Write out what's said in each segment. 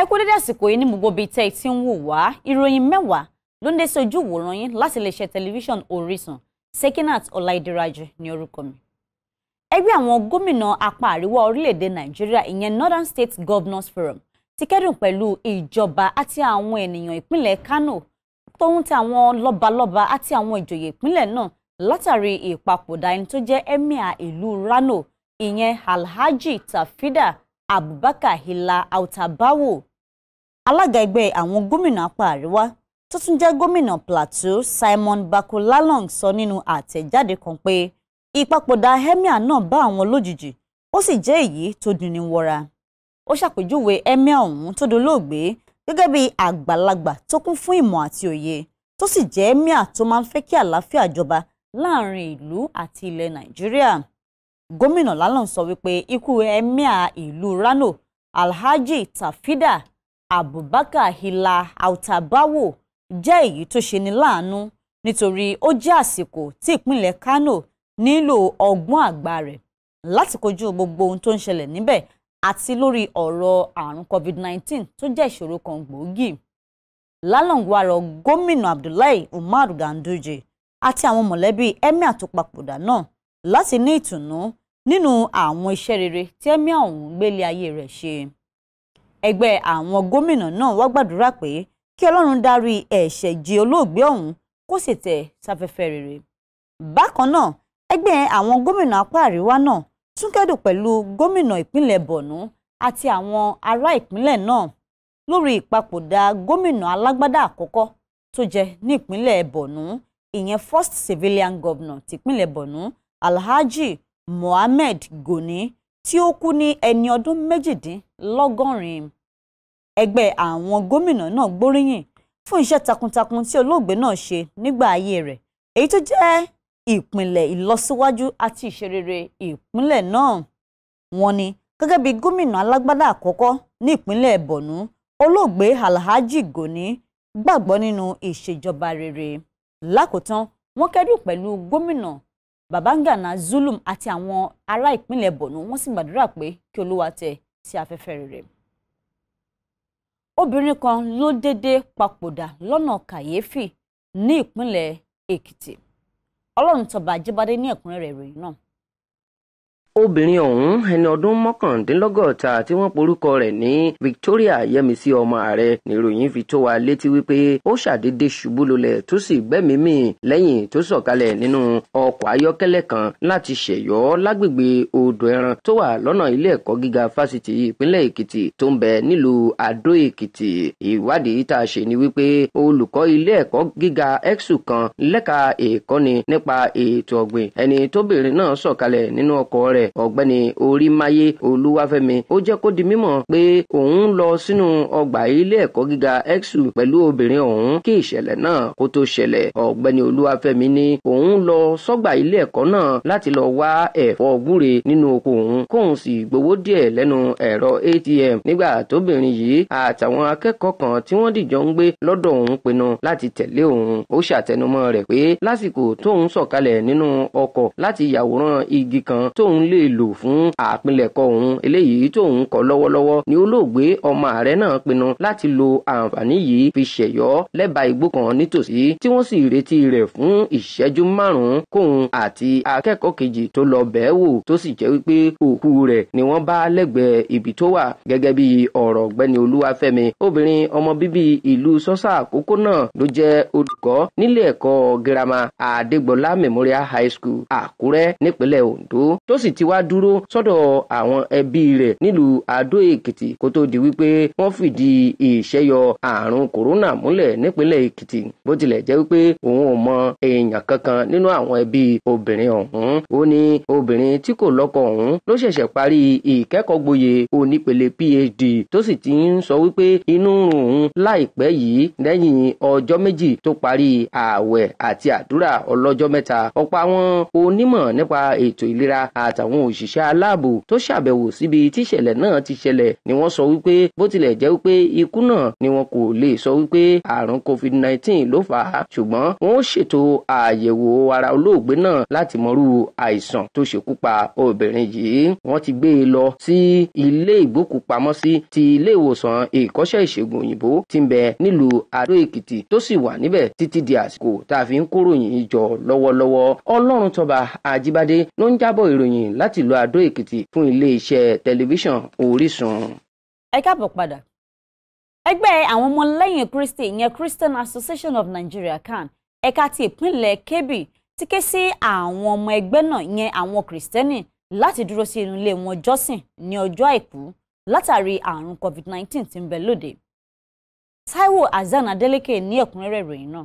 ẹ kú dédé àsìkò yìí ní gbogbo ibi tẹ́ ẹ ti ń wò wá ìròyìn mẹ́wàá ló ń dé sí ojú ìwòran yín láti iléeṣẹ́ tẹlifíṣàn Orísun Sekinat Ọláìdíraju ní orúkọ mi. ẹgbẹ́ àwọn gómìnà apá àríwá orílẹ̀-èdè Nàìjíríà ìyẹn Northern State Governors Forum ti kẹ́dùn pẹ̀lú ìjọba àti àwọn ènìyàn ìpínlẹ̀ Kano tóun ti àwọn lọ́balọ́ba àti àwọn ìjòyè ìpínlẹ̀ náà látàrí ìpapòdà ẹni tó jẹ́ emir ìlú Rano ìyẹn Alhaji Tafida Abubakar Hila Autabawo alága ẹgbẹ́ àwọn gómìnà apá àríwá tó tún jẹ́ gómìnà plateau simon bakolalong sọ nínú àtẹ̀jáde kan pé ìpapòdà emir náà bá àwọn lójijì ó sì jẹ́ èyí tó dunni wọra ó ṣàpèjúwe emir ọ̀hún tó dolóògbé gẹ́gẹ́ bí àgbàlagbà tó kún fún ìmọ̀ àti òye tó sì jẹ́ emir tó máa ń fẹ́ kí àlàáfíà jọba láàrin ìlú àti ilẹ̀ nàìjíríà gómìnà lalong sọ wípé ikú emir ìlú rano alhaji tafida Abubakar hila Autabawo jẹ́ èyí tó ṣeni láàánú nítorí ó jẹ́ àsìkò tí ìpínlẹ̀ Kano nílò ọgbọ́n àgbà rẹ̀ láti kojú gbogbo ohun tó ń ṣẹlẹ̀ níbẹ̀ àti lórí ọ̀rọ̀ àrùn COVID-19 tó jẹ́ ìṣòro kan gbòógì lálọ́ngbàrọ̀ gómìnà Abdullahi Umar Ganduje àti àwọn mọ̀lẹ́bí emir tó papòdà náà láti ní ìtùnú nínú àwọn iṣẹ́ rere tí emir ọ̀hún gbélé ayé rẹ̀ ṣe ẹgbẹ́ àwọn gómìnà náà wá gbàdúrà pé kí ọlọ́run dárí ẹ̀ṣẹ̀ jì olóògbé ọ̀hún kó sì tẹ̀ sáfẹ́fẹ́ rere. bákan náà ẹgbẹ́ àwọn gómìnà apá àríwá náà tún kẹ́dùn pẹ̀lú gómìnà ìpínlẹ̀ bọ̀nú àti àwọn ará ìpínlẹ̀ náà lórí ìpapòdà gómìnà alágbádá àkọ́kọ́ tó jẹ ní ìpínlẹ̀ bọ̀nú ìyẹn first civilian governor tìpínlẹ̀ bọ̀nú alhaji mohammed goni tí ó kú ní ẹni ọdún méjìdínlọ́gọ́rin ẹgbẹ́ àwọn gómìnà náà gbóríyìn fún iṣẹ́ takuntakun tí olóògbé náà ṣe nígbà ayé rẹ̀ èyí tó jẹ́ ìpìnlẹ̀ ìlọsíwájú àti ìṣerere ìpínlẹ̀ náà wọ́n ní gẹ́gẹ́ bí gómìnà alágbádá àkọ́kọ́ ní ìpínlẹ̀ Borno olóògbé Alhaji Goni gbàgbọ́ nínú ìṣèjọba rere lákòótán wọ́n kẹ́dùn pẹ̀lú gómìnà Babangana Zulum àti àwọn ará ìpínlẹ̀ Borno wọ́n sì gbàdúrà pé kí Olúwa tẹ̀ sí afẹ́fẹ́ rere obìnrin kan ló déédéé papòdà lọ́nà kàyéfì ní ìpínlẹ̀ Èkìtì Ọlọ́run tọba Ajíbádé ní ẹ̀kúnrẹ́rẹ́ ìròyìn náà obìnrin ọ̀hún ẹni ọdún mọ́kàndínlọ́gọ́ta tí wọ́n porúkọ rẹ̀ ní Victoria Yẹmisí ọmọ ààrẹ níròyìn fi tó wa létí wípé ó ṣàdédé ṣubú lulẹ̀ tó sì gbẹ́mìí mì lẹ́yìn tó sọ̀kalẹ̀ nínú ọkọ̀ ayọ́kẹ́lẹ́ kan láti ṣẹ̀yọ́ lágbègbè odò ẹran tó wà lọ́nà ilé ẹ̀kọ́ gíga fásitì ìpínlẹ̀ Èkìtì tó ń bẹ nílùú Adó Èkìtì ìwádìí tá a ṣe ni wípé olùkọ́ ilé ẹ̀kọ́ gíga ECSU kan lẹ́ka ìkọ́ni nípa ètò ọ̀gbìn ẹni tóbìnrin náà sọ̀kalẹ̀ nínú ọkọ̀ rẹ̀ ọ̀gbẹ́ni orímáyé olúwàfẹ́mi ó jẹ́ kó di mímọ̀ pé òun lọ sínú ọgbà ilé ẹ̀kọ́ gíga exu pẹ̀lú obìnrin ọ̀hún kí ìṣẹ̀lẹ̀ náà kó tó ṣẹlẹ̀ ọ̀gbẹ́ni olúwàfẹ́mi ní òun lọ sọ́gbà ilé ẹ̀kọ́ náà láti lọ wá ẹ̀fọ́ gúre nínú oko òun kóun sì gbowó díẹ̀ lẹ́nu ẹ̀rọ atm nígbà tóbìnrin yìí àtàwọn akẹ́kọ̀ọ́ kan tí wọ́n dìjọ ń gbé lọ́dọ̀ òun pinnu láti tẹ̀lé òun ó ṣàtẹnumọ́ rẹ̀ pé lásìkò tóun sọ̀kalẹ̀ nínú ọkọ̀ láti yàwòrán igi kan tóun lè lò fún àpilẹ̀kọ òun eléyìí tó òun kọ lọ́wọ́lọ́wọ́ ni olóògbé ọmọ ààrẹ náà pinnu láti lo àǹfààní yìí fi ṣẹ̀yọ́ lẹ́bàá igbó kan nítòsí tí wọ́n sì retí rẹ̀ fún ìṣẹ́jú márùn-ún kóun àti akẹ́kọ̀ọ́ kejì tó lọ bẹ̀ẹ́ wò tó sì jẹ́ wípé òkú rẹ̀ ni wọ́n bá lẹ́gbẹ̀ẹ́ ibi tó wà gẹ́gẹ́ bí ọ̀rọ̀ ọ̀gbẹ́ni olúwafẹ́mi obìnrin ọmọ bíbí ìlú sọ́sà àkókò náà ló jẹ́ olùkọ́ nílé ẹ̀kọ́ girama àdégbọlá memorial high school àkúrẹ́ nípínlẹ̀ ondo ti wá dúró sọ́dọ̀ àwọn ẹbí rẹ̀ nílùú Adó Èkìtì kó tó di wípé wọ́n fìdí ìṣẹ́yọ àrùn kòrónà múlẹ̀ nípínlẹ̀ Èkìtì bó tilẹ̀ jẹ́ wípé òun ò mọ èèyàn kankan nínú àwọn ẹbí obìnrin ọ̀hún ó ní obìnrin tí kò lọ́kọ ọ̀hún ló ṣẹ̀ṣẹ̀ parí ìkẹ́kọ̀ọ́ gboyè onípele PhD tó sì ti ń sọ wípé inú ń rùn òun láìpẹ́ yìí lẹ́yìn ọjọ́ méjì tó parí ààwẹ̀ àti àdúrà ọlọ́jọ́ mẹ́ta ọ̀pọ̀ àwọn onímọ̀ nípa ètò ìlera àtàwọn àwọn òṣìṣẹ́ aláàbò tó ṣàbẹ̀wò síbi tíṣẹ̀lẹ̀ náà ti ṣẹlẹ̀ ni wọ́n sọ wípé bó tilẹ̀ jẹ́ wípé ikú náà ni wọn kò lè sọ wípé àrùn covid-19 ló fà á ṣùgbọ́n wọn ó ṣètò àyẹ̀wò ara olóògbé náà láti mọrú àìsàn tó ṣekú pa obìnrin yìí wọ́n ti gbé e lọ sí ilé ìgbókùpamọ́sí ti ilé ìwòsàn ìkọ́ṣẹ́ ìṣègùn òyìnbó tí ń bẹ nílùú Adó Èkìtì tó sì wà níbẹ̀ títí di àsìkò tá a fi ń kóròyìn jọ lọ́wọ́lọ́wọ́ Ọlọ́run tọba Ajíbádé ló ń jábọ̀ ìròyìn láti ìlú Adó Èkìtì fún iléeṣẹ́ tẹlifíṣàn Orísun. ẹ káàbọ̀ padà ẹgbẹ́ àwọn ọmọlẹ́yìn Kristi ìyẹn Christian Association of Nigeria CAN ẹ̀ka ti ìpínlẹ̀ Kebbi ti ké sí àwọn ọmọ ẹgbẹ́ náà ìyẹn àwọn Kristẹni láti dúró sí inú ilé wọn jọ́sìn ní ọjọ́ àìkú látàrí àrùn COVID-19 tí ń bẹ lóde Taiwo Azan Adeleke ní ẹ̀kúnrẹ́rẹ́ ìròyìn náà.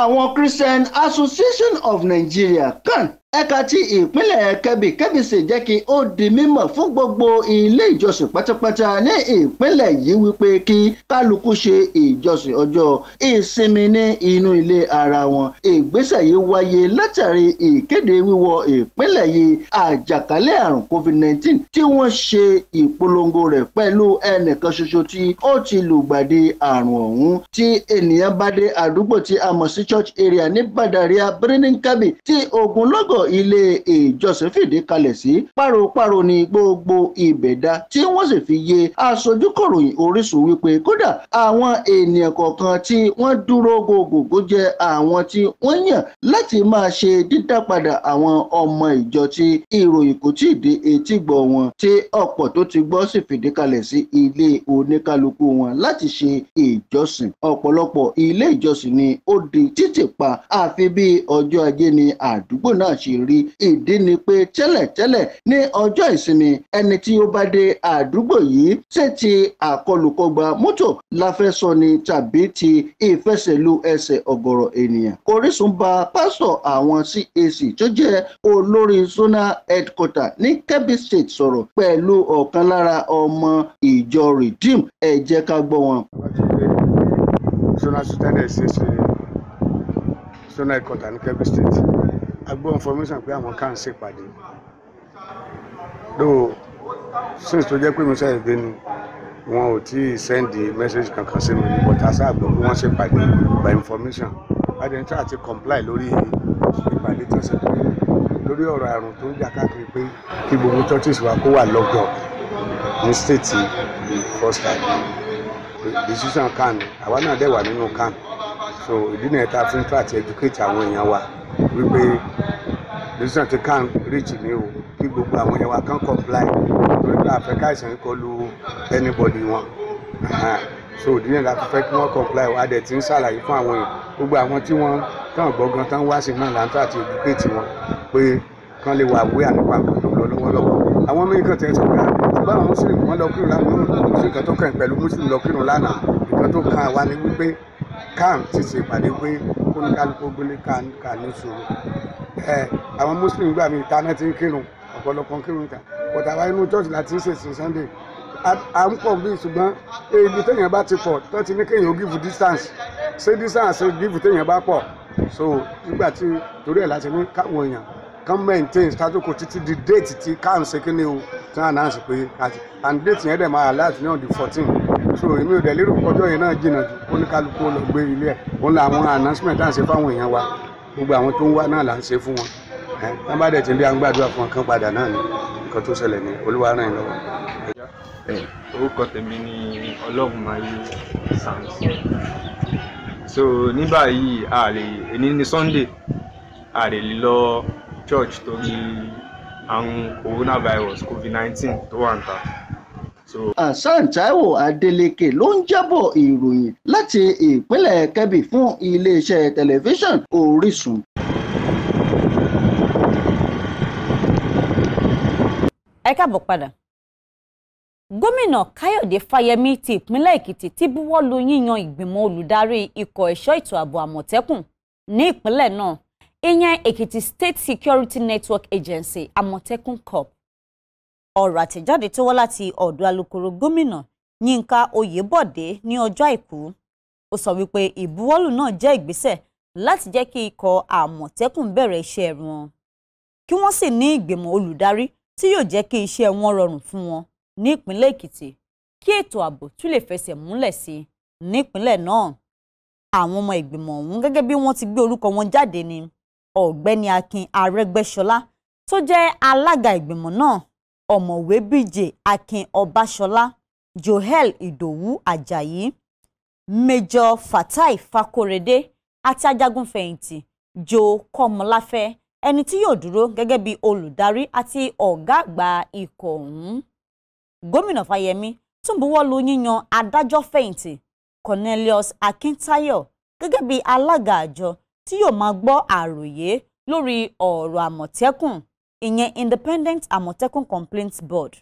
àwọn Christian Association of Nigeria CAN ẹ̀ka ti ìpínlẹ̀ kebbi kebbi sì jẹ́ kí ó di mímọ̀ fún gbogbo ilé ìjọsìn pátápátá ní ìpínlẹ̀ yìí wípé kí kálukú ṣe ìjọsìn ọjọ́ ìsinmi ní inú ilé ara wọn ìgbésẹ̀ yìí wáyé látàrí ìkéde wíwọ ìpínlẹ̀ yìí àjàkálẹ̀ àrùn covid nineteen, tí wọ́n ṣe ìpolongo rẹ̀ pẹ̀lú ẹnìkan ṣoṣo tí ó ti lùgbàdì àrùn ọ̀hún tí ènìyàn bá dé àdúgbò tí a mọ̀ sí church area ní badaria birnin kebbi tí ogunlọ́gọ̀ ilé ìjọsìn fìdí kalẹ̀ sí páropáro ni gbogbo ìbẹ̀dá tí wọ́n sì fi yé aṣojú kọ̀ròyìn Orísun wípé kódà àwọn ènìyàn kọ̀ọ̀kan tí wọ́n dúró gògògó jẹ́ àwọn tí wọ́n yàn láti máa ṣe dídápadà àwọn ọmọ ìjọ tí ìròyìn kò tí ì dé etí gbọ́ wọn tí ọ̀pọ̀ tó ti gbọ́ sì fìdí kalẹ̀ sí ilé oníkálukú wọn láti ṣe ìjọsìn ọ̀pọ̀lọpọ̀ ilé ìjọsìn ni ó di títì pa àfi bí ọjọ́ ajé ni àdúgbò náà ṣe ti rí ìdí ni pé tẹ́lẹ̀tẹ́lẹ̀ ní ọjọ́ ìsinmi ẹni tí ó bá dé àdúgbò yìí ṣé ti àkọlùkọgba mọ́tò la fẹ́ sọ ni tàbí ti ìfẹsẹ̀lú ẹsẹ̀ ọ̀gọ̀rọ̀ ènìyàn korísun ba pásọ̀ àwọn CAC tó jẹ́ olórí zonal headquarter ní Kebbi State sọ̀rọ̀ pẹ̀lú ọ̀kan lára ọmọ ìjọ Redeem ẹ jẹ́ ká gbọ́ wọn. zonal sultan ẹ̀ ṣe ṣe zonal headquarter ní Kebbi State a gbọ́ information pé àwọn kan ṣèpàdé though since tó jẹ́ pé mi sẹ́yìn dé ni wọn ò tí ì send message kankan sí mi but àṣà àgbọ̀ pé wọ́n ṣèpàdé by information adẹ́ntà àti comply lórí ìpàdé tó ṣe lórí ọ̀rọ̀ àrùn tó ń jà káàkiri pé kí gbogbo churches wa kó wà lọ́gàn ní state the first time decision kan àwa náà dẹ̀ wà nínú kan so ìdí nìyẹn tá a fi ń try to educate àwọn èèyàn wa wípé reason ti kan reach ni o kí gbogbo àwọn yẹn wa kan comply torí pé àfẹ́ká ìsìn kọ lu anybody wọn so òdí yẹn la fẹ́ kí wọ́n comply wa dẹ̀ ti ń ṣàlàyé fún àwọn yẹn gbogbo àwọn tí wọ́n tán gbọ́ngàn tán wá sí náà láǹtà àti educate wọn pé kán lè wà wé ànípa nǹkan tó lọ lọ́wọ́lọ́wọ́ àwọn mẹ́ríkà tẹ̀ sọ pé ah, bá àwọn muslim wọn lọ kírun lánàá kò sí tó kàn pẹ̀lú muslim lọ kírun lánàá nǹkan tó kàn wá ni wípé kan ti ṣèpàdé pé kóníkálukú gbélé kan ní sùúrù àwọn muslim gbà mí ìta náà ti ń kírun ọ̀pọ̀lọpọ̀ ń kírun ìta but àwa inú church la ti ń ṣèsìn sunday à ń pọ̀ bí ṣùgbọ́n ibi téèyàn bá ti pọ̀ tó ti ní kéèyàn ó give distance ṣé distance give téèyàn bá pọ̀ so nígbà tí torí ẹ̀ láti ní káwọn èèyàn kan maintain status títí di date tí káàǹsì kíní o tí wọ́n announce pé and date yẹn dẹ̀ máa alert ní on fourteen so èmi ò dẹ̀ lérò ọjọ́ yẹn náà jìnnà jù oníkálukú lọ gbé ilé ẹ̀ òun làwọn announcement tá ṣe fáwọn èèyàn wa gbogbo àwọn tó ń wá náà là ń ṣe fún wọn ẹ bá dẹ̀ ti rí àgbàdua fún ọkàn padà náà ni nǹkan tó ṣẹlẹ̀ ní olúwa ràn yín lọ́wọ́. orúkọ tèmi ni ọlọ́run máa yí samson so ní báyìí ààrẹ èní ni sunday ààrẹ lè lọ church torí àrùn coronavirus covid nineteen tó wà ń ta. Hasan Taiwo Adeleke ló ń jábọ̀ ìròyìn láti ìpínlẹ̀ Kebbi fún iléeṣẹ́ tẹlifíṣàn Orísun. ẹ káàbọ̀ padà gómìnà káyọ̀dé fáyemí ti ìpínlẹ̀ èkìtì ti buwọ́ lu yíyan ìgbìmọ̀ olùdarí ikọ̀ ẹ̀ṣọ́ ètò ààbò àmọ̀tẹ́kùn ní ìpínlẹ̀ náà ìyẹn èkìtì state security network agency àmọ̀tẹ́kùn corp ọ̀rọ̀ àtẹ̀jáde tó wá láti ọ̀dọ̀ alukoro gómìnà Yínká Oyèbọ̀dé ní ọjọ́ àìkú ó sọ wípé ìbuwọ́lù náà jẹ́ ìgbésẹ̀ láti jẹ́ kí ikọ̀ àmọ̀tẹ́kùn bẹ̀rẹ̀ iṣẹ́ wọn kí wọ́n sì ní ìgbìmọ̀ olùdarí tí yóò jẹ́ kí iṣẹ́ wọn rọrùn fún wọn ní ìpínlẹ̀ Èkìtì kí ètò ààbò tún lè fẹsẹ̀ múlẹ̀ sí i nípínlẹ̀ náà àwọn ọmọ ìgbìmọ̀ ọ̀hún gẹ́gẹ́ bí wọ́n ti gbé orúkọ wọn jáde ni ọ̀gbẹ́ni Akin Arẹ́gbẹ́ṣọlá tó jẹ́ alága ìgbìmọ̀ náà ọ̀mọ̀wé bíjè akin ọbaṣọlá joel idowu ajayi mẹjọ fatai fakorede àti ajagunfẹ̀yìntì jo kọmọláfẹ́ ẹni tí yóò dúró gẹ́gẹ́ bí olùdarí àti ọ̀gá àgbà ikọ̀ ọ̀hún gómìnà fáyemí tún buwọ́ lu yíyan adájọ́ fẹ̀yìntì cornelius akintayo gẹ́gẹ́ bí alága àjọ tí yóò máa gbọ́ àròyé lórí ọ̀rọ̀ àmọ̀tẹ́kùn ìyẹn Independent Àmọ̀tẹ́kùn Complaints Board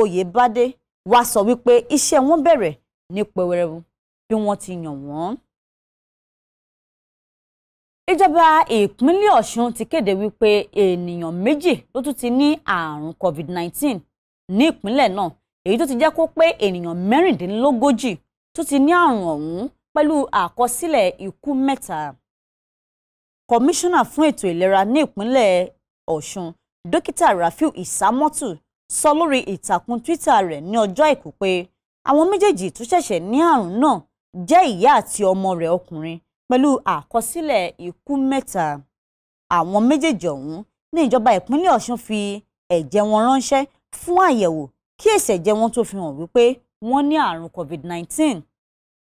Oyèbádé wá sọ wípé iṣẹ́ wọn bẹ̀rẹ̀ ní pẹ̀wẹ̀rẹ̀wù bí wọ́n ti yàn wọ́n. ìjọba ìpínlẹ̀ Ọ̀ṣun ti kéde wípé ènìyàn méjì ló tún ti ní àrùn COVID-19 ní ìpínlẹ̀ náà èyí tó ti jẹ́ kó pé ènìyàn mẹ́rìndínlógójì tó ti ní àrùn ọ̀hún pẹ̀lú àkọsílẹ̀ ikú mẹ́ta. Kọmíṣánná fún ètò ìlera ní ìpínlẹ̀ ọ̀ṣun dókítà rafiu isamotu sọ lórí ìtàkùn twitter rẹ̀ ní ọjọ́ àìkú pé àwọn méjèèjì tó ṣẹ̀ṣẹ̀ ní àrùn náà jẹ́ ìyá àti ọmọ rẹ̀ ọkùnrin pẹ̀lú àkọsílẹ̀ ikú mẹ́ta àwọn méjèèjì ọ̀hún ní ìjọba ìpínlẹ̀ ọ̀ṣun fi ẹ̀jẹ̀ wọn ránṣẹ́ fún àyẹ̀wò kí èsì ẹ̀jẹ̀ wọn tó fi hàn wípé wọ́n ní àrùn covid-19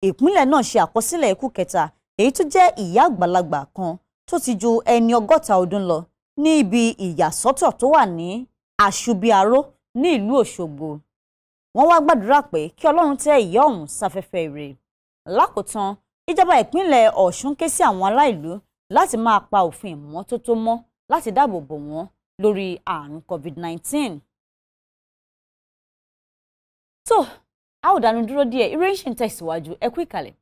ìpínlẹ̀ náà ṣe àkọsílẹ̀ ikú kẹta èyí tó jẹ́ ìyá àgbàlagbà kan tó ti ju ẹni ọgọ́ta ọdún lọ ní ibi ìyàsọ́tọ̀ tó wà ní àṣubíaró ní ìlú Òṣogbo wọ́n wá gbàdúrà pé kí Ọlọ́run tẹ ìyá ọ̀hún sáfẹ́fẹ́ rè lákòótán ìjọba ìpínlẹ̀ Ọ̀ṣun ké sí àwọn ará ìlú láti máa pa òfin ìmọ́tótó mọ́ láti dáàbò bò wọ́n lórí àrùn COVID-19. tó a ò dánu dúró díẹ̀ eré ń ṣe ń tẹ̀síwájú ẹ kú ìkàlẹ̀.